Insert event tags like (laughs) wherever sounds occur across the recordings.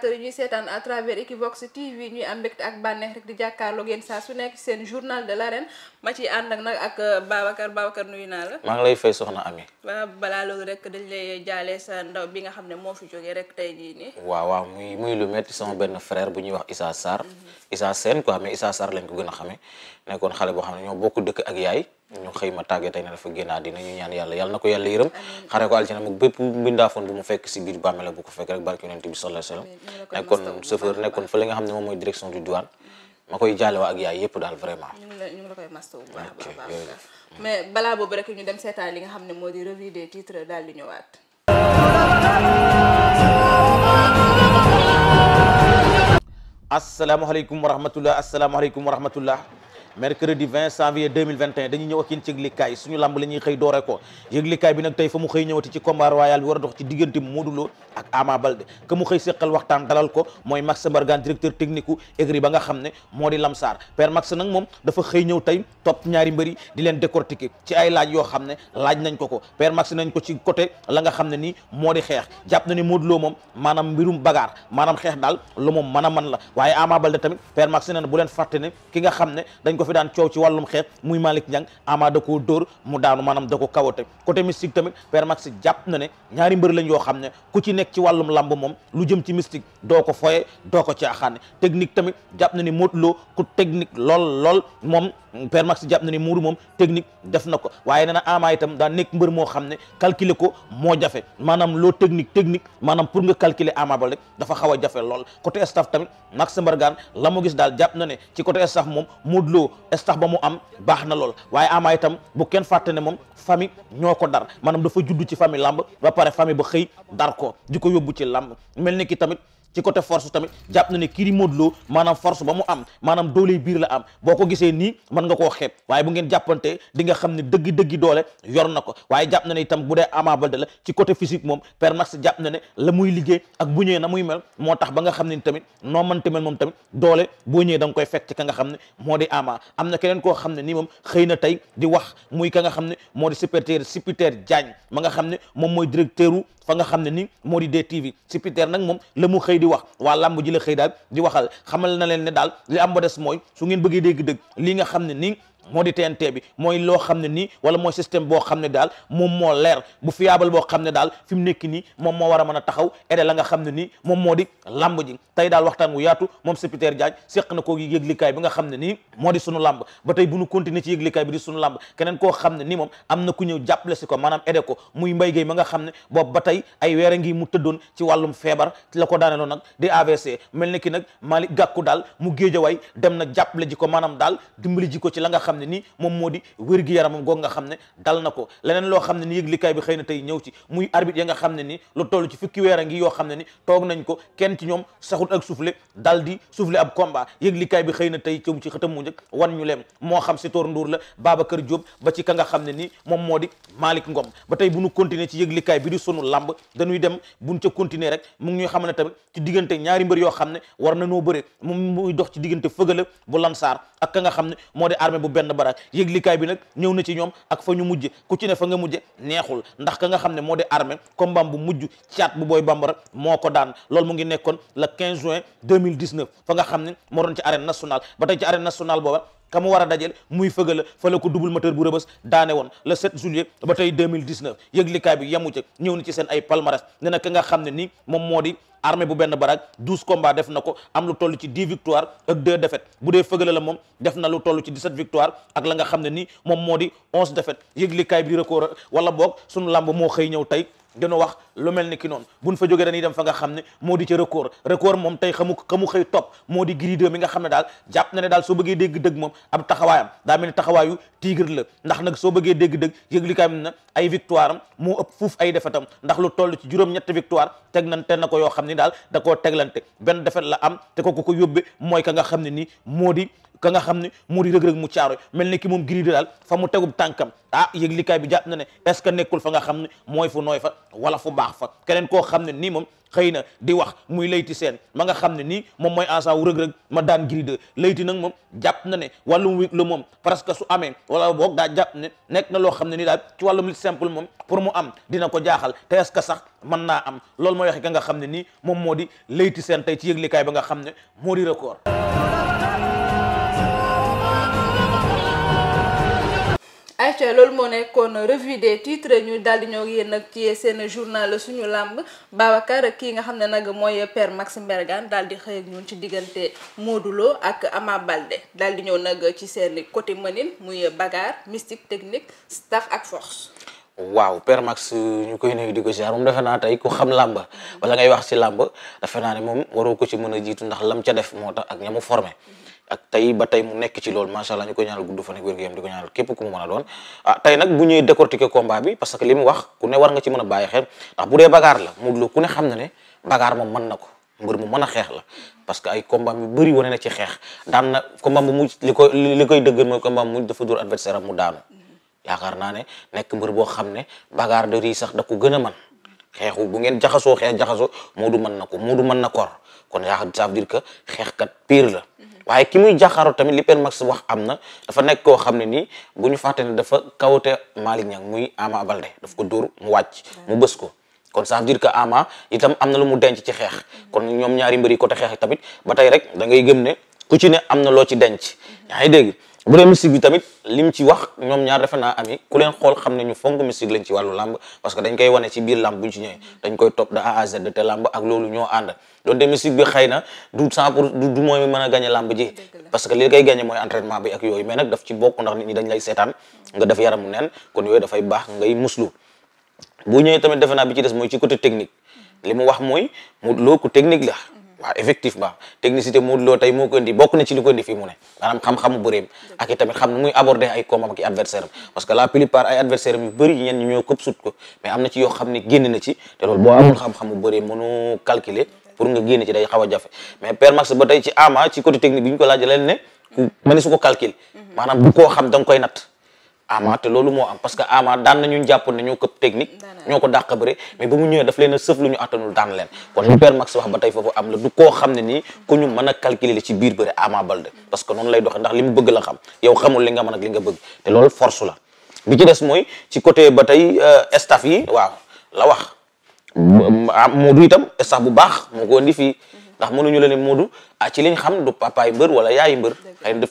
téléspectateurs yi seetaan à travers Equivox TV ñuy am mbégte ak bànneex rek di jàkkaarloog yéen saa su nekk seen journal de l'arène ma ciy ànd ak nag ak euh, Babacar Babacar nuyu naa la. maa ngi lay fay soxna Ami. waaw balaa loolu rek dañ lay jaale sa ndaw bi nga xam ne moo fi jógee rek tey jii nii. waa muy muy lu metti sama benn frère bu ñuy wax Issa Sarr. Mhm. Issa Sène quoi mais Issa Sarr lañ ko gën a xamee nekkoon xale boo xam ne ñoo bokk dëkk ak yaay. ñu xëy ma na ne dafa génn àddina ñu ñaan yàlla yàlla na ko yàlla yërëm xare ko aljana mag bépp mbindaafoon bu mu fekk si biir bàmmela bu ko fekk rek barke yonent bi sallallahu alayhi wasallam nekkoon chauffeur ma koy jaale waa ak yaay yëpp daal vraiment ñu a baax mais balaa boobu rek ñu dem seetaan li nga xam ne moo di revue des titres daal di ñëwaat asalaamaaleykum wa rahmatullah asalaamaaleykum wa rahmatullah mercredi 20 janvier 2021 dañuy ñëw ak yéen ci yëglikaay suñu lamb la xëy doore ko yëglikaay bi nag tey fa mu xëy ñëwati ci combat royal bi war a dox mu xëy seqal waxtaan dalal ko mooy Max Mbargane directeur technique u ba nga xam ne moo di Lamsar père Max nag moom dafa xëy ñëw tey topp ñaari mbëri di leen décortiquer ci ay laaj yoo xam ne laaj nañ ko ko père Max nañ ko ci côté la nga xam ne nii moo di xeex jàpp na ni Modou Lo moom maanaam mbirum bagaar maanaam xeex daal lu moom mën a man la waaye Ama Baldé tamit père Max ne ko fi daan coow ci wàllum xeex muy Malick Niang ama da koo mu daanu maanaam da ko kawote côté mystique tamit Père Max na ne ñaari mbër lañ yoo xam ne ku ci nekk ci wàllum lamb moom lu jëm ci mystique doo ko foye doo ko caaxaane technique tamit jàpp na ni Modou Lo ku technique lool lool moom Père Max jàpp na ni Modou moom technique def na ko waaye nee na ama itam daa nekk mbër moo xam ne calculer ko moo jafe maanaam loo technique technique maanaam pour nga calculer ama ba rek dafa xaw a jafe lool côté staff tamit Max la mu gis daal jàpp na staff ba mu am baax na lool waaye Ama itam bu kenn fàtte ne moom famille ñoo ko dar maanaam dafa juddu ci famille làmb ba pare famille ba xëy dar ko di ko yóbbu ci làmb mel ni ki tamit ci côté force tamit jàpp na ne kii di Modou Lo maanaam force ba mu am maanaam doole biir la am boo ko gisee nii mën nga koo xeeb waaye bu ngeen jàppante di nga xam ne dëgg-dëgg doole yor na ko waaye jàpp na ne itam bu dee Ama Baldé la ci côté physique moom Père Max jàpp na ne la muy liggéey ak bu ñëwee na muy mel moo tax ba nga xam ne tamit noo mënte mel moom tamit doole boo ñëwee danga nga koy fekk ci ka nga xam ne moo di Ama am na keneen koo xam ne nii moom xëy na di wax muy ka nga xam ne moo di secrétaire Sipiter Diagne ma nga xam ne moom mooy directeur fa nga xam ne ni moo di DTV si Peter nag moom la mu xëy di wax waa làmb ji la xëy daal di waxal xamal na leen ne daal li am ba des mooy su ngeen bëggee dégg dëgg li nga xam ne ni moo di TNT bi mooy loo xam ne nii wala mooy système boo xam ne daal moom moo leer bu fiable boo xam ne daal fi mu nekk nii moom moo war a mën a taxaw aider la nga xam ne nii moom moo di lamb ji tey daal waxtaan wu yaatu moom secrétaire Diagne seq na koo yëglikaay bi nga xam ne nii moo di sunu lamb ba tey bu nu continuer ci yëglikaay bi di sunu lamb keneen koo xam ne nii moom am na ku ñëw jàppale si ko maanaam aider ko muy mbay géey ma nga xam ne boobu ba tey ay weer a ngi mu tëddoon ci wàllum feebar la ko daaneloon nag di AVC mel ni ki nag Malick Gakou daal mu géejawaay dem na jàppale ji ko maanaam daal dimbali ji ko ci la nga xam xam ne moom moo di wér na ko leneen loo xam ne ni yëglikaay bi xëy na tey ñëw ci muy ya nga xam ne ni lu toll a ngi yoo xam ne ni toog nañ ko kenn ci ñoom saxut ak soufflé dal di soufflé ab combat yëglikaay na tey moo xam si Tor Ndour la Babacar Diop ba ka Ngom ba tey bu ñu continuer ci yëglikaay bi di sunu lamb dañuy dem buñ ca continuer rek mu ñuy xam ne tamit ci diggante ñaari mbër yoo xam ne war na noo bëre mu muy dox ci diggante fëgala bu Lansar ak ka nga xam ne moo di armée bu benn baraak yëglikaay bi nag ñëw na ci ñoom ak fa ñu mujje ku ci ne fa nga mujje neexul ndax ka nga xam ne moo di armée combat bu mujj caat bu booy bambara moo ko daan loolu mu ngi nekkoon le 15 juin 2019 fa nga xam ne moo doon ci arène nationale ba tey ci arène nationale booba ka war a dajel muy fëgala fa la ko double moteur bu rëbës daane woon le 7 juillet ba tey 2019 yëglikaay bi yamu ca ñëw na ci seen ay palmarès ne na ka nga xam ne nii moom moo di armée bu benn baraag 12 combats def na ko am lu toll ci 10 victoires ak 2 défaites bu dee fëgala la moom def na lu toll ci 17 victoires ak la nga xam ne nii moom moo di 11 défaites yëglikaay bi record wala boog sunu làmb moo xëy ñëw tey dina wax lu mel ni ki noonu buñ fa jógee dañuy dem fa nga xam ne moo di ca record record moom tey xamu xamu xëy topp moo di grideur mi nga xam ne daal jàpp na ne daal soo bëggee dégg dëgg moom ab taxawaayam daa mel ni taxawaayu tigre la ndax nag soo bëggee dégg dëgg yëglikaay mi na ay victoire am moo ëpp fuuf ay tam ndax lu toll ci juróom-ñetti victoire teg nañ na ko yoo xam ni daal da koo teglante benn defet la am te ko ku ko yóbbe mooy ka nga xam ne nii moo di ka nga xam ne moo di rëg-rëg mu caaro mel ni ki moom grideur daal fa mu tegub tànkam ah yëglikaay bi jàpp na ne est ce que nekkul fa nga xam ne mooy fu nooy fa wala fu baax fa keneen koo xam ne nii moom xëy na di wax muy layti seen ma nga xam ne nii moom mooy agent wu rëg-rëg ma daan giri de layti nag moom jàpp na ne wàllum wig la moom parce que su amee wala boog daa jàpp ne nekk na loo xam ne nii daal ci wàllum simple moom pour mu am dina ko jaaxal te est que sax mën naa am loolu mooy waxe ka nga xam ne nii moom moo di layti seen tey ci yëglikaay ba nga xam ne moo di record loolu moo nekkoon revue des titres ñu daal di ñëw yéen nag ci seen journal suñu làmb Babacar kii nga xam ne nag mooy per max mbergan daal di xëy ak ñun ci diggante Modou ak Ama Balde daal di ñëw nag ci seen côté mënin muy bagarre mystique technique staff ak force. waaw Père Max ñu koy nuyu di ko ziar moom defe naa tey ku xam làmba wala ngay wax ci làmb defe naa ne moom waroo ko ci mën a jiitu ndax lam ca def moo tax ak ñamu formé. ak tey ba tey mu nekk ci loolu macha allah ñu koy ñaanal gudd fan ak wér-gu-yaram di ko ñaanal képp ku mu mën a doon ah tey nag bu ñuy décortiquer combat bi parce que li mu wax ku ne war nga ci mën a bàyyi xel ndax bu dee bagaar la Modou Lo ku ne xam na ne bagaar moom mën na ko mbër mu mën a xeex la parce que ay combat yu bëri wane na ci xeex daan na combat bu mujj li koy li koy dëggal mooy combat bu mujj dafa dóor adversaire am mu daanu yaakaar naa ne nekk mbër boo xam ne bagaar de rii sax da ko gën a man xeexu bu ngeen jaxasoo xeex jaxasoo Modou mën na ko Modou mën na kor kon yaa ça veut dire que xeexkat piir la waaye ki muy jàkkaaroo tamit li Père Max wax am na dafa nekk koo xam ne nii gu ñu fàtte ne dafa kawate Malick Niang muy Ama Balde daf ko dóor mu wàcc mu bës ko kon ça veut dire que Ama itam am na lu mu denc ci xeex kon ñoom ñaari mbir yi côté xeex tamit ba tey rek da ngay gëm ne ku ci ne am na loo ci denc yaa ngi dégg bu dee mystique bi tamit lim ci wax ñoom ñaar defe naa ami ku leen xool xam ne ñu fonk mystique lañ ci wàllu làmb parce que dañ koy wane ci biir làmb buñ ci koy topp de A à Z te làmb ak loolu ñoo na du cent pour du mooy mi a làmb ji parce que li koy gagné mooy bi ak yooyu mais nag daf ci bokk ndax nit ñi dañ lay seetaan nga def yaramu neen kon yooyu dafay baax ngay muslu bu ñëwee tamit defe naa bi ci des mooy ci côté technique li mu wax mooy mu loo ko technique la waaw effectivement technicité Modou Lo tey moo ko indi bokk na ci li ko indi fii mu ne xam-xamu bëreem ak i tamit xam nu muy aborder ay combat ak adversaire am bëri ñenn ñoo këpp sut ko mais am na ci yoo xam ne génn na ci te loolu boo amul xam-xamu bëreem mënu calculer pour nga génn ci day xaw jafe mais Père Max ba ci ama ci côté technique bi ñu ko laaj leen ne ko calcul mm-hmm. maanaam bu xam da koy natt ama te loolu moo am parce que ama daan nañu jàpp ne ñoo këpp technique ñoo ko dàq bëre mais ba mu ñëwee daf leen a sëf lu ñu attanul daan leen kon li père Max wax ba tey foofu am la du koo xam ne nii ku ñu mën a calculer ci biir bëre ama balde parce que noonu lay doxee ndax li mu bëgg la xam yow xamul li nga mën ak li nga bëgg te loolu force la bi ci des mooy ci côté ba tey euh, staff yi waaw la wax ah, Modou itam staff bu baax moo ko indi fii ndax mënuñu la ne Modou ah ci liñ xam du papaay mbër wala yaayu mbër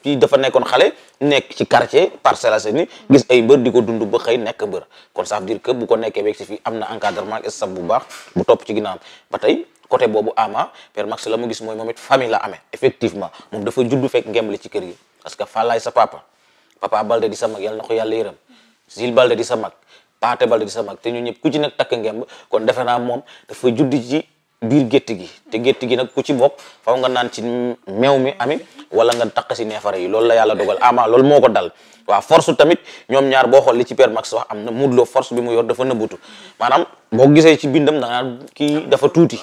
xëy dafa nekkoon xale nekk ci quartier Parcelles Assainies gis ay mbër di ko dund ba xëy nekk mbër kon ça veut dire que bu ko nekkee beeg am na encadrement ak staff bu baax bu topp ci ginnaawam ba tey côté boobu ama per Max la mu gis mooy moom it famille la amee effectivement moom dafa judd fekk ngembali ci kër gi parce que Fallaye sa papa papa Balde di sa mag yàlla na ko yàlla yërëm Sil Balde di sa mag Paate Balde di sa mag te ñu ñëpp ku ci nekk takk ngemb kon defe naa moom biir gétt gi te gétt gi nag ku ci bokk faw nga naan ci meew mi ami wala nga taq si neefare yi loolu la yàlla dogal amaa loolu moo ko dal waaw force tamit ñoom ñaar boo xool li ci Père Max wax am na Modou Lo force bi mu yor dafa nëbbutu maanaam moo gisee ci bindam da kii dafa tuuti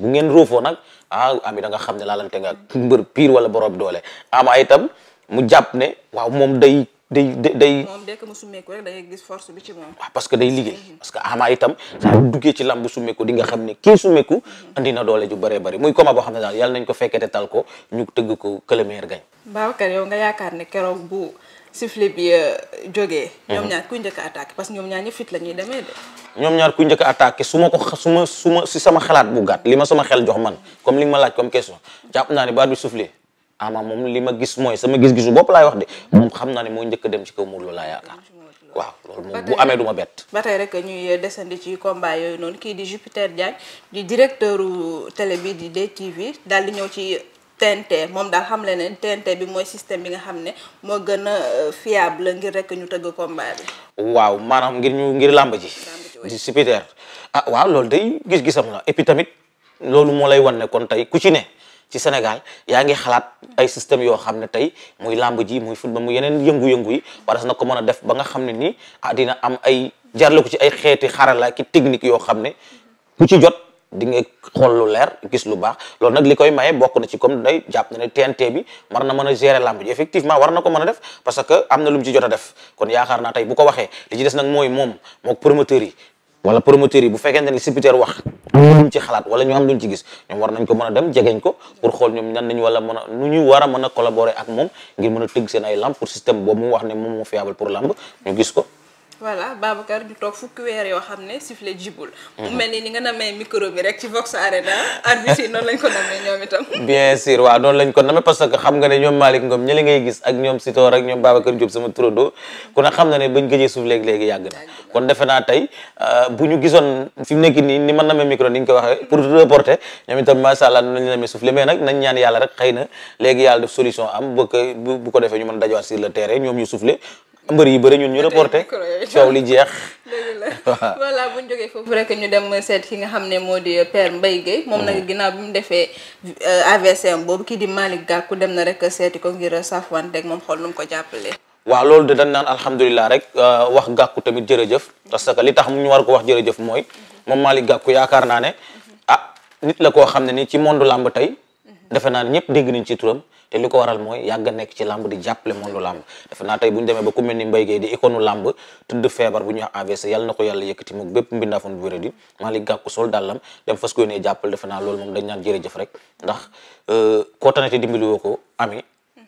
bu ngeen ruufoo nag ah ami da nga xam ne laalante nga mbër pire wala borom doole ama itam mu jàpp ne waaw moom day day day. moom dëkk mu summeeku gis force bi parce que day liggéey. Mm-hmm. parce que Ama itam saa yu duggee ci lamb summeeku di nga xam ne kii summeeku. Mm-hmm. andi na doole ju bëree bëri muy combat boo xam ne daal yàlla nañ ko fekkee te tal ko ñu tëgg ko que le meilleur gagne. yow nga yaakaar ne keroog bu sifflet bi euh, jógee. Mm-hmm. ñoom ñaar kuy njëkk a attaqué parce que ñoom ñaar ñëpp fit la ñuy demee de. ñoom ñaar kuy njëkk a su ma ko su ma su ma si sama xalaat bu gàtt li ma sama xel jox man comme li nga ma laaj comme question naa ne baat bi ama moom li ma gis mooy sama gis-gisu bopp laay wax de moom xam naa ne moo njëkk dem ci kaw Modou Lo laa yaakaar waaw loolu moom bu amee du ma bett. ba tey rek ñuy desandi ci combat yooyu noonu kii di Jupiter Diagne di directeur télé bi di DTV daal di ñëw ci. TNT moom daal xam le ne TNT bi mooy système bi nga xam ne moo gën a euh, fiable ngir rek ñu tëgg combat bi. waaw maanaam ngir ñu ngir làmb ji. di Jupiter ah waaw loolu day gis-gisam la et tamit loolu moo lay wan ne kon tey ku ci ne ci Sénégal yaa ngi xalaat ay système yoo xam ne tey muy làmb ji muy football mu yeneen yëngu-yëngu yi war na ko mën a def ba nga xam ne nii ah dina am ay jarle ko ci ay xeeti xarala ki technique yoo xam ne ku ci jot di nga xool lu leer gis lu baax loolu nag li koy maye bokk na ci comme day jàpp na ne TNT bi war na mën a gérer làmb ji effectivement war na ko mën a def parce que am na lu mu ci jot a def kon yaakaar naa tey bu ko waxee li ci des nag mooy moom mook yi wala promoteur yi bu fekkente ni Sipiteer wax ñu ci xalaat wala ñu am luñ ci gis ñoom war nañ ko mën a dem jegeñ ko pour xool ñoom ñan nañ wala mën a nu ñu war a mën a collaborer ak moom ngir mën a tëgg seen ay lamb pour système boobu mu wax ne moom moo fiable pour lamb ñu gis ko voilà Babacar ñu toog fukki weer yoo xam ne sifflet jibul. mu mhm. mel ni ni nga namee micro bi rek ci Vox Arena. arbitre yi noonu lañ ko namee ñoom itam. (laughs) bien sûr waaw noonu lañ ko namee parce que xam nga ne ñoom Malick Ngom ñi li ngay gis ak ñoom Sitor ak ñoom Babacar Diop sama turando ku ne xam na ne bañ gëjee suuf léegi-léegi yàgg na kon defe naa tey euh, bu ñu gisoon fi mu nekk nii ni man ma namee micro ni ñu ko waxee pour reporter ñoom itam macha allah noonu lañ namee suuf mais nag ñaan yàlla rek xëy na léegi yàlla solution am bu bu ko defee ñu mën dajawaat sur le terrain ñoom ñu soufflé mbër yi bëri ñun ñu reporté (laughs) coow li jeex. (laughs) voilà bu ñu jógee foofu rek ñu dem ma seet ki nga xam ne moo di euh, père Mbaye Guèye moom nag mm. ginnaaw bi mu defee euh, AVCM boobu kii di Malick Gakou dem na rek seeti ko ngir saafuwanteeg moom xool nu mu ko jàppale waa loolu de dan naan alhamdulilah rek euh, wax Gakou tamit jërëjëf parce que li tax mu ñu war ko wax jërëjëf mooy moom Malick Gakou yaakaar naa ne ah nit la koo xam ne ni ci monde làmb tey mm-hmm. defe naa ne ñëpp dégg nañ ci te li ko waral mooy yàgg nekk ci làmb di jàppale monde làmb defe na tey bu ñu demee ba ku mel ni Mbaye Guèye di icône làmb tudd feebar bu ñuy wax AVC yàlla na ko yàlla yëkkati moom bépp mbindaafon bu wéré di Malick Gakou sol dàllam dem fas ko yéenee jàppale defe naa loolu moom dañ naan jërëjëf rek ndax euh, koo tanate dimbali woo ko ami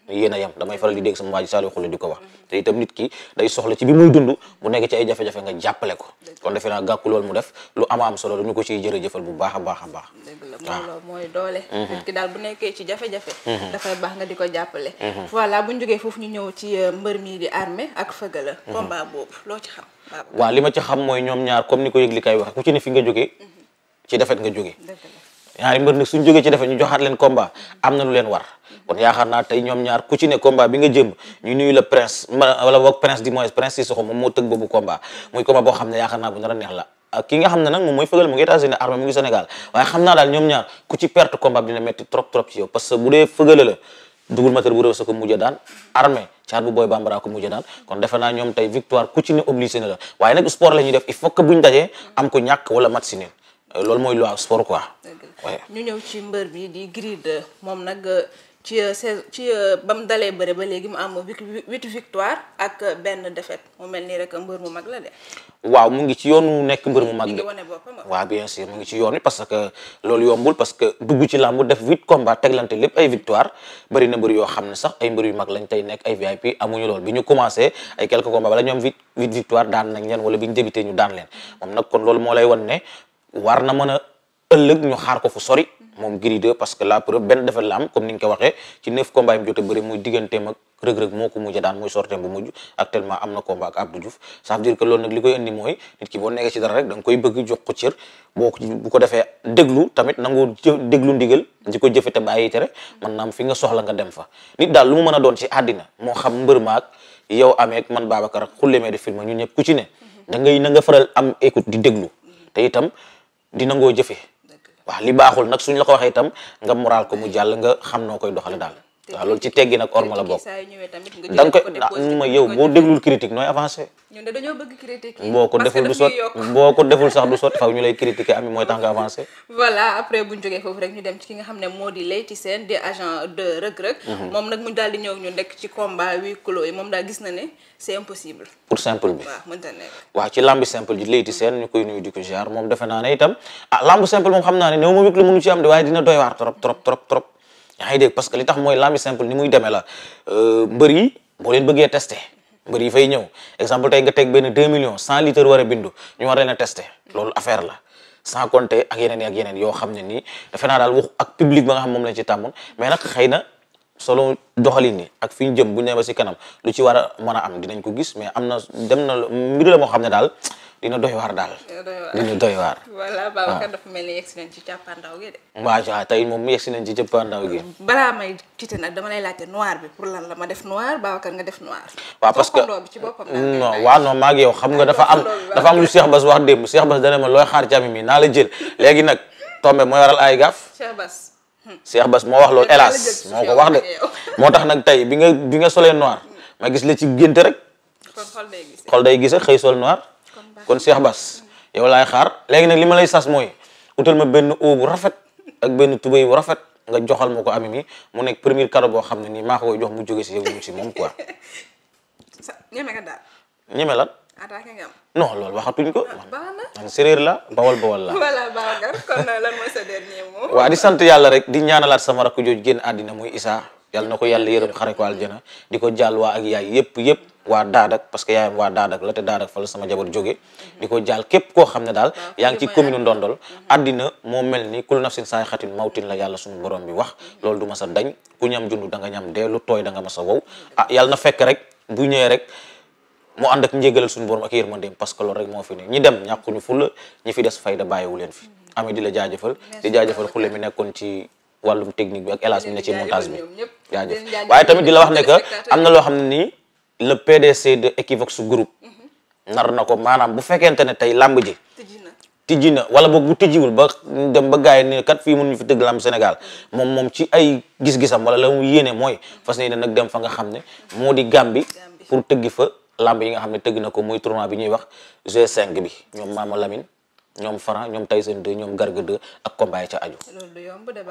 yéen a yem damay faral di dégg sama waa ji Saliou di ko wax te itam nit ki day soxla ci bi muy dund mu nekk ci ay jafe-jafe jàppale ko kon defe naa gàkku loolu mu def lu ama am solo dañu ko ciy jërëjëfal bu baax a baax a baax waaw loolu mooy doole mhm. nit bu nekkee ci jafe-jafe mhm. baax nga di ko jàppale mhm. voilà bu ñu jógee foofu ñu ñëw ci euh, mbër mi di armée ak fëgala combat boobu loo ci xam waaw li ma ci xam mooy ñoom ñaar comme ni ko yëglikaay wax ku ci ne fi nga jógee ci defet nga jógee ñaari mbër nag suñ jógee ci defe ñu joxaat leen combat am na lu leen war kon yaakaar naa tey ñoom ñaar ku ne combat bi nga jëm ñu nuyu la prince wala boog prince du moins prince Sissoko moom moo tëgg boobu combat muy combat ne yaakaar naa bu nar a neex la ki nga xam ne nag moom mooy fëgal mu ngi États-Unis armée mu ngi Sénégal xam naa daal ñoom ñaar ku perte combat bi dina metti trop trop ci yow parce bu dee fëgale la dugul bu réew sa ko mujjë daan armée caar bu booy bambara ko mujjë daan kon defe naa ñoom tey victoire ku ci ne obligé na la waaye nag sport la ñuy def il faut que buñ loolu mooy loi sport quoi. ñu ñëw ci mbër bi di Gris moom nag euh, ci euh, ci euh, ba mu dalee bëre ba léegi mu am huit victoire ak benn défaite mu mel nii rek mbër mu mag la de. waaw mu ngi ci yoonu nekk mbër mu mag de. waaw bien mu ngi ci yoon wi que loolu yombul que dugg ci làmb def huit combats teglante lépp ay victoire bëri na mbër yoo xam ne sax ay mbër yu mag lañ tey nekk ay VIP amuñu lool bi ñu commencé ay quelques combats bala ñoom huit huit victoire daan nañ leen wala bi ñu ñu daan leen moom nag kon loolu moo lay wan ne war na mën a ëllëg ñu xaar ko fu sori moom Gris 2 parce que la preuve benn defet la am comme ni nga ko waxee ci neuf combat yi mu jot digganteem ak rëg-rëg moo ko mujj daan muy na combat ak Abdou Diouf ça veut dire que loolu nag li koy indi mooy nit ki boo nekkee ci dara rek da koy bëgg jox ko cër boo ko bu ko defee déglu tamit nangoo déglu ndigal di ko jëfe te bàyyi tere man naam fi nga soxla nga dem fa nit daal lu mu mën a doon si addina moo xam mbër maag yow ameek man Babacar xullemee di film ñun ñëpp ku ci ne da ngay nga faral am écoute di déglu itam di nangoo jëfe waaw li baaxul nag suñ la ko waxee itam nga moral ko mu jàll nga xam noo koy doxale daal waaw loolu ci teggi nag orma la bokk da nga koy ma yow boo déglul critique nooy avancé ñun ko deful du sot ko deful sax du sot faw ñu lay critiquer ami mooy tax nga avancé (laughs) voilà après buñ jógee foofu rek ñu dem ci ki nga xam ne moo di Leyti Sène di agent de Reug Reug mhm. moom nag mu daal di ñëw ñu nekk ci combat huis clos yi moom daal gis na ne c'est impossible pour simple bi waaw mënta nekk waaw ci lambi simple ji Leyti Sène ñu koy nuyu di ko ziar moom defe naa ne itam ah lamb simple moom xam naa ne yaa ngi dégg parce que li tax mooy lambi simple ni muy demee la euh, mbër yi boo leen bëggee testé mbër yi fay ñëw exemple tey nga teg benn 2 millions cent litres war a bindu ñu war leen a testé loolu affaire la sans compter ak yeneen ak yeneen yoo xam ne nii defe daal wax ak public ba nga xam moom lañ ci tàmmoon mais nag xëy na solo doxalin yi ak fi ñu jëm bu ñu ba si kanam lu ci war a mën a am dinañ ko gis mais am na dem na mbir la moo xam ne daal dina doy waar daal. dina doy waar (laughs) voilà Babacar ah. mel ni yegg si nañ ci càppaandaw gi tey moom yegg si nañ ci càppaandaw gi. balaa may quitté nag dama lay laajte noir bi pour lan la ma def noir Babacar nga def noir. waaw parce que ci boppam non waaw yow xam nga dafa am dafa am lu Cheikh Bass wax démb seex Bass dana ma looy xaar cami mi naa la jël léegi nag tombé mooy waral ay gaaf. Cheikh Bass. Hmm. Cheikh moo wax loolu hélas moo ko (laughs) moo tax nag tey bi nga bi nga solee noir ma gis la ci génte rek. xol day gis xol day xëy sol noir kon Cheikh Bass yow laay xaar léegi nag li ma lay sas mooy utal ma benn oo bu rafet ak benn tubéy bu rafet nga joxal ma ko ami mu nekk premier cadeau boo xam ne nii maa ko koy jox mu jóge si si moom quoi. (laughs) ñeme nga daal. ñeme lan. attaque nga am. non loolu waxatuñ ko. Ah, séréer la bawal bawal la. (laughs) waa di sant yàlla rek di ñaanalaat sama rakk jooju génn àddina muy Issa yàlla na ko yàlla yërëm xare ko aljana di ko jàll waa ak yaay yëpp yëpp. waa Daadak parce que yaayam waa Daadak la te Daadak fa la sama jabar jóge di ko jaal képp koo xam ne daal yaa ngi ci commune Ndondol àddina mm-hmm. moo mel ni kul nafsin saay xatin mawtin la yàlla suñu borom bi wax mm-hmm. loolu du ma sa dañ ku ñam jundu da nga ñam dee lu tooy da nga ma wow ah yàlla na fekk rek bu ñëwee rek mu ànd ak njégalal suñu borom ak yërmandeem parce que loolu rek moo fi ne ñi dem ñàkkuñu fulla ñi fi des fayda bàyyiwu leen fi mm-hmm. amee di la jaajëfal di nekkoon ci wàllum technique bi ak hélas mi ci montage bi jaajëf waaye le PDC de Equivox Group mhm. nar na ko maanaam bu fekkente ne tey làmb ji tijji na wala boog bu tijjiwul ba dem ba gars yi ne kat fii ñu fi dëgg làmb Sénégal mhm. moom moom ci ay gis-gisam wala la mu yéene mooy mhm. fas yéene nag dem fa nga xam ne moo di gàmbi pour tëggi fa làmb yi nga xam ne tëgg na ko muy tournoi bi ñuy wax G5 bi ñoom Maama Lamine ñoom Franc ñoom Tyson 2 ñoom Garga 2 ak combat yi ca aju.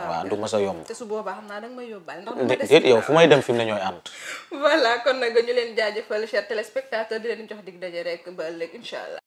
loolu du sa yomb. te su boobaa xam naa da nga may yóbbaale ndax déet yow fu may dem fi mu ne ñooy ànd. (laughs) voilà kon nag ñu leen jaajëfal chers téléspectateurs di leen jox dig daje rek ba ëllëg incha allah.